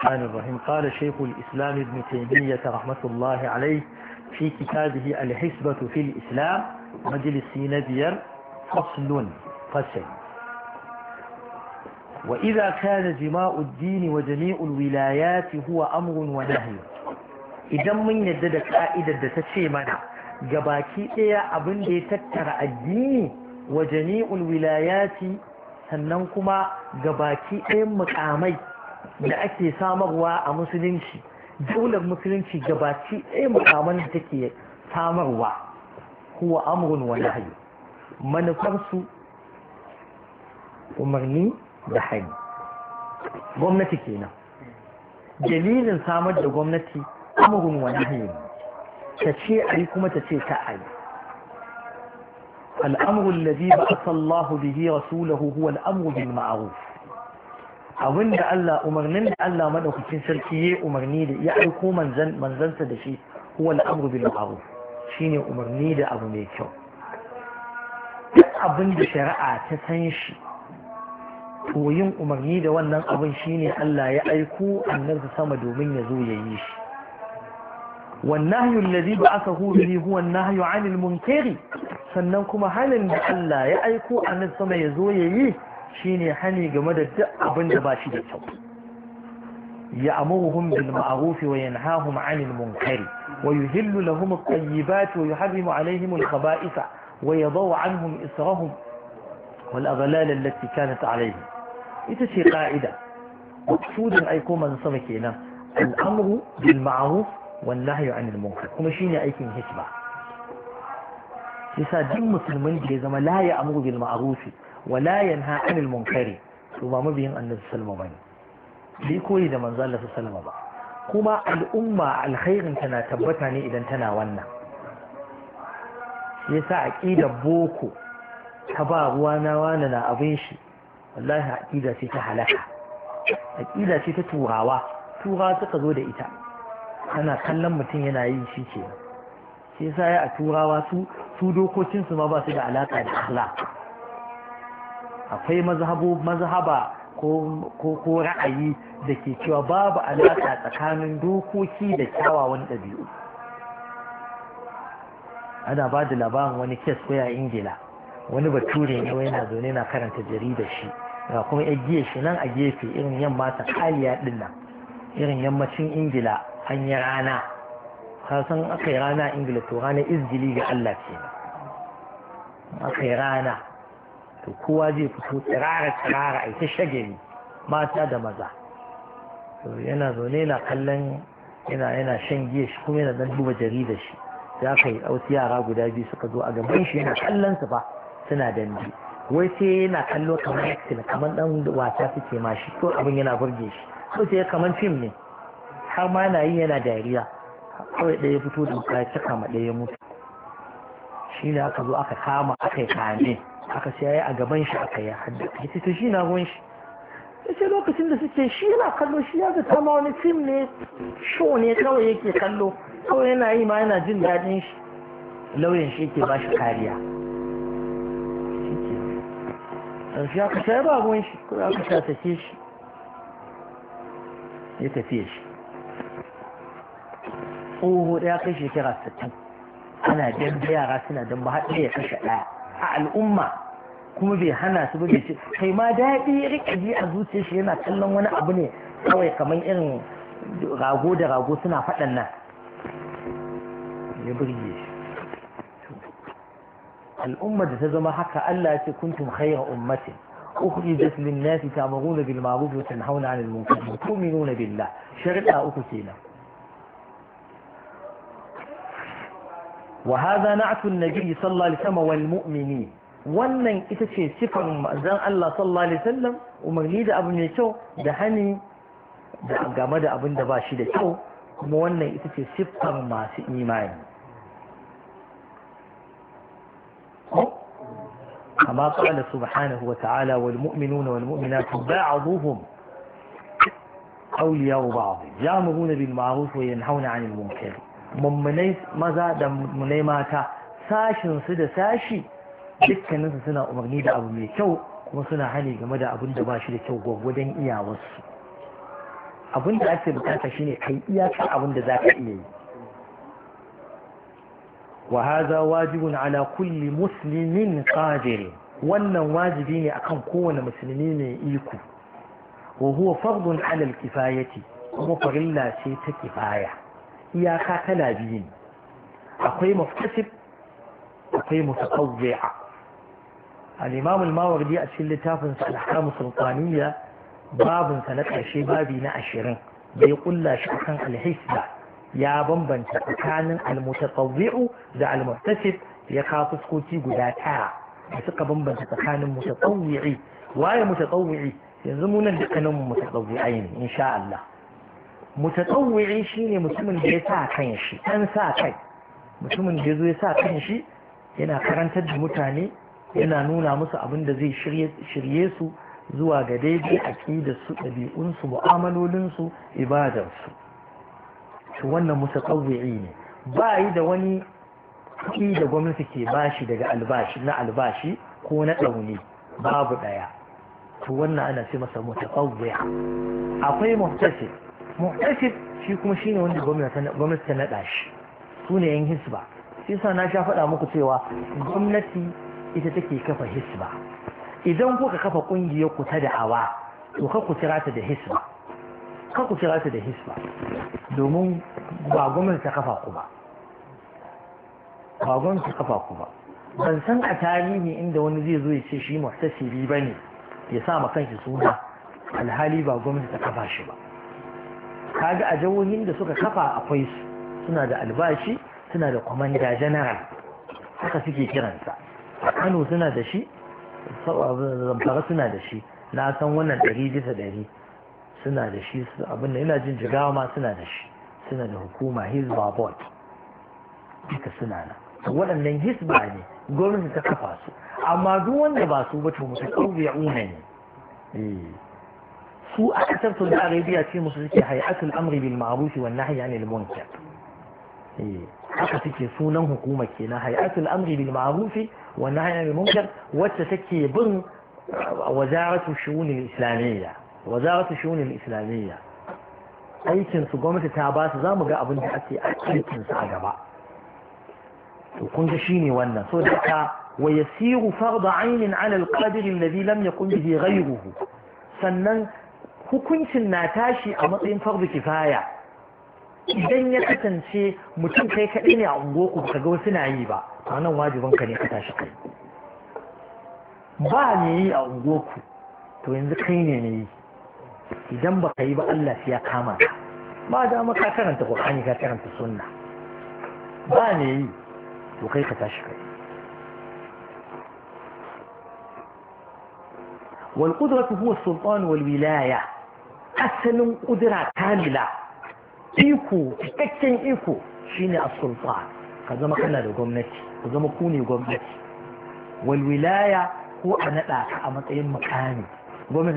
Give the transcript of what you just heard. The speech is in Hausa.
الرحمن الرحيم قال شيخ الإسلام ابن تيمية رحمة الله عليه في كتابه الحسبة في الإسلام مجلس نبير فصل فصل وإذا كان جماع الدين وجميع الولايات هو أمر ونهي إذا من يدد قائدة تشي منع جباكي إيا أبن دي تتر الدين وجميع الولايات سننكما جباكي إيا مقامي da ake samarwa a musulunci daular musulunci gabaci ɗaya mukaman da take samarwa kuwa amurin wani nahyi manufarsu umarni da hani gwamnati kenan dalilin samar da gwamnati amurin wani nahyi ta ce a yi kuma ta ce ta a yi ba a sallahu da zai rasu huwa al'amru bil ma'ruf abin da Allah umarnin da Allah madaukakin sarki ya umarni da ya aiko manzansa da shi huwa al'amru bil ma'ruf shine umarni da abu mai kyau duk abin da shari'a ta san shi to yin umarni da wannan abin shine Allah ya aiko annabi sama domin ya zo ya yi shi والنهي الذي بعثه به هو النهي عن المنكر sannan kuma halin da Allah ya aiko annabi sama ya zo ya yi شيني hani جمدت ابن duk abin da ba يأمرهم بالمعروف وينهاهم عن المنكر ويذل لهم الطيبات ويحرم عليهم الخبائث ويضع عنهم إسرهم والأغلال التي كانت عليهم اذا شي قاعدة مقصود أيكم من سمكينا الأمر بالمعروف والنهي عن المنكر كما شيني أيكم هكبة لسا دم مسلمين جزم لا يأمر بالمعروف wala yanha anil munkari to ba mabiyin annabi sallama bane bai koyi da manzo Allah sallama ba kuma al'umma alkhairin tana tabbata ne idan tana wannan shi yasa aqidar boko ta ba ruwa na wani na abin shi wallahi aqida ce ta halaka aqida ce ta turawa turawa suka zo da ita tana kallon mutum yana yi shi ke shi yasa ya a turawa su su dokokinsu ma ba su da alaka da akhlaq akwai mazhaba ko ra'ayi da ke cewa babu alaƙa tsakanin dokoki da kyawawan ɗabi'u ana ba da labarin wani kes waya ingila wani bature ne wai yana zaune na karanta jarida shi ga kuma ya shi nan a gefe irin yamma ta kaliya din nan irin yammacin ingila an yi rana Ka aka yi rana ingila to rana izgili ga allah ke aka rana to kowa zai fito tsirara tsirara aiki shage shagari mata da maza to yana zaune yana kallon yana yana shan giya shi kuma yana dan duba jarida shi ya kai wasu yara guda biyu suka zo a gaban shi yana kallon su ba suna dambe wai sai yana kallo kamar yaktin kamar dan wasa suke ma shi ko abin yana burge shi ko sai kamar fim ne har ma na yi yana dariya kawai ɗaya fito da ya cika ma ɗaya mutu shi ne aka zo aka kama aka yi kame aka sai yayi a gaban shi aka yi hadda yace to shi na gon shi ce lokacin da suke shi yana kallo shi ya ga tama wani fim ne show ne kawai yake kallo kawai yana yi ma yana jin daɗin shi lauyan shi yake ba shi kariya shi aka sai ba gon shi ko aka sa sake shi ya tafiye shi tsoho ɗaya kai shekara 60 ana dambe yara suna dambe haɗe ya kashe ɗaya a al'umma kuma bai hana su bai ce kai ma daɗi rika ji a zuciyar shi yana kallon wani abu ne kawai kamar irin rago da rago suna faɗan nan ya burge shi al'umma da ta zama haka Allah ya ce kuntum khayra ummatin أخرجت للناس تأمرون بالمعروف وتنهون عن المنكر tu'minuna billah شرطة uku kenan wa hadha na'tu an sallallahu alaihi wasallam wal wannan ita ce sifar manzon Allah sallallahu alaihi wasallam umarni da abu mai kyau da hani da game da abin da ba shi da kyau kuma wannan ita ce siffar masu imani كما قال سبحانه وتعالى والمؤمنون والمؤمنات بعضهم أولياء بعض يأمرون بالمعروف وينهون عن المنكر mummunai maza da mummunai mata sashin da sashi dukkaninsu suna umarni da abu mai kyau kuma suna hani game da abin da ba shi da kyau gwagwadon iyawarsu abin da ake bukata shine kai iyakar abin da za ka iya yi wa haza wajibun ala kulli muslimin qadir wannan wajibi ne akan kowane musulmi mai iko wa huwa fardun ala al-kifayati kuma farilla ce ta kifaya iyaka tana biyu akwai muftasib akwai mutaqawwi'a al-imam al-mawardi a cikin littafin sa al-ahkam sultaniya babin sa na karshe babi na 20 bai kulla shi kan al-hisba ya bambanta tsakanin al-mutaqawwi'u da al-muftasib ya ka fuskoki guda tara da suka bambanta tsakanin mutaqawwi'i waye mutaqawwi'i yanzu mu nan dukkanin mu mutaqawwi'ai ne insha Allah shi shine mutumin da ya sa kan shi ɗan sa kai mutumin da ya zo ya sa kan shi yana karantar da mutane yana nuna musu abin da zai shirye su zuwa ga daidai a su da su ɗabi'unsu mu'amalolinsu ibadarsu su wannan mutatawwi'i ne ba yi da wani ƙi da gwamnati ke bashi daga albashi na albashi ko na ɗauni babu ɗaya to wannan ana ce masa mutatawwi'a akwai muhtasib muhtasib shi kuma shine wanda gwamnati ta naɗa shi su ne yan hisba shi sa na sha faɗa muku cewa gwamnati ita take kafa hisba idan kuka kafa ƙungiyar ku ta da'awa to ka ku kira ta da hisba ka ku kira ta da hisba domin ba gwamnati ta kafa ku ba ba gwamnati ta kafa ku ba ban san a tarihi inda wani zai zo ya ce shi muhtasibi bane ya sa ma kanshi suna alhali ba gwamnati ta kafa shi ba kaga a jihohin da suka kafa akwai su suna da albashi suna da kwamanda general haka suke kiransa kano suna da shi zamfara suna da shi na san wannan ɗari bisa ɗari suna da shi abin da ina jin jigawa ma suna da shi suna da hukuma hizba board duka suna na waɗannan hizba ne gwamnati ta kafa su amma duk wanda ba su ba to mutu ƙauye una ne eh. سوء حسرت الأغيبية في مصرسك حيات الأمر بالمعروف والنهي عن المنكر أخذك إيه. سونا حكومك حيات الأمر بالمعروف والنهي عن المنكر وتتكي بن وزارة الشؤون الإسلامية وزارة الشؤون الإسلامية أيكن سو قومة تاباس زامقا أبن حتي أيكن سعقبا وكنت شيني وانا صدقا ويسير فرض عين على القادر الذي لم يقم به غيره سنن hukuncin na tashi a matsayin fardu kifaya idan ya kasance mutum kai kaɗai ne a unguwarku ka ga wasu na yi ba to nan wajibin ka ne ka tashi kai ba ne yi a unguwarku to yanzu kai ne ne yi idan ba ka yi ba Allah ya kama ka ba da ka karanta Qur'ani ka karanta sunna ba ne yi to kai ka tashi kai والقدرة هو السلطان والولاية asalin ƙudura kamila iko cikakken iko shine as-sulta ka zama kana da gwamnati ka zama ku ne gwamnati wal wilaya ko a naɗa ka a matsayin mukami gwamnati